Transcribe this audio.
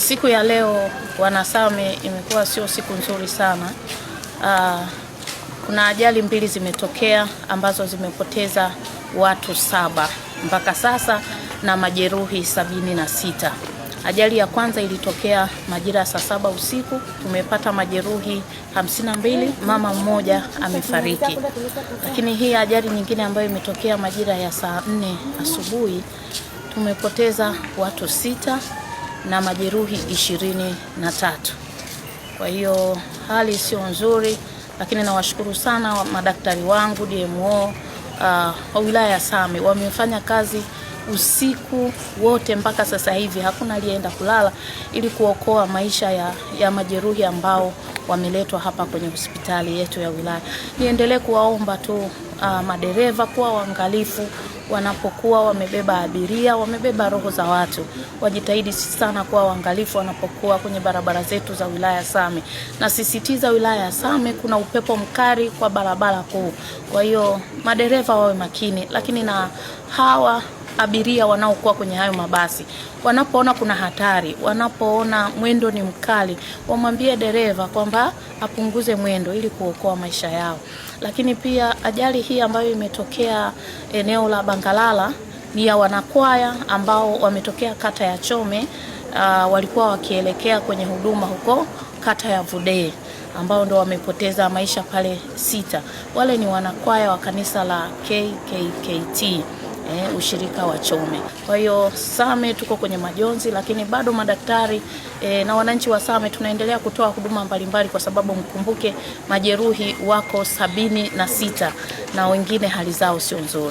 Siku ya leo Wanasame imekuwa sio siku nzuri sana. Uh, kuna ajali mbili zimetokea ambazo zimepoteza watu saba mpaka sasa na majeruhi sabini na sita. Ajali ya kwanza ilitokea majira ya saa saba usiku, tumepata majeruhi hamsini na mbili, mama mmoja amefariki. Lakini hii ajali nyingine ambayo imetokea majira ya saa nne asubuhi tumepoteza watu sita na majeruhi ishirini na tatu. Kwa hiyo hali sio nzuri, lakini nawashukuru sana madaktari wangu DMO uh, wa wilaya ya Same wamefanya kazi usiku wote mpaka sasa hivi hakuna aliyeenda kulala ili kuokoa maisha ya, ya majeruhi ambao wameletwa hapa kwenye hospitali yetu ya wilaya. Niendelee kuwaomba tu uh, madereva kuwa waangalifu wanapokuwa wamebeba abiria, wamebeba roho za watu, wajitahidi sana kuwa waangalifu wanapokuwa kwenye barabara zetu za wilaya ya Same. Nasisitiza wilaya ya Same kuna upepo mkali kwa barabara kuu, kwa hiyo madereva wawe makini, lakini na hawa abiria wanaokuwa kwenye hayo mabasi. Wanapoona kuna hatari, wanapoona mwendo ni mkali, wamwambie dereva kwamba apunguze mwendo ili kuokoa maisha yao. Lakini pia ajali hii ambayo imetokea eneo la Bangalala ni ya wanakwaya ambao wametokea kata ya Chome. Uh, walikuwa wakielekea kwenye huduma huko kata ya Vudee ambao ndo wamepoteza maisha pale sita. Wale ni wanakwaya wa kanisa la KKKT eh, ushirika wa Chome. Kwa hiyo Same tuko kwenye majonzi, lakini bado madaktari eh, na wananchi wa Same tunaendelea kutoa huduma mbalimbali, kwa sababu mkumbuke majeruhi wako sabini na sita na wengine hali zao sio nzuri.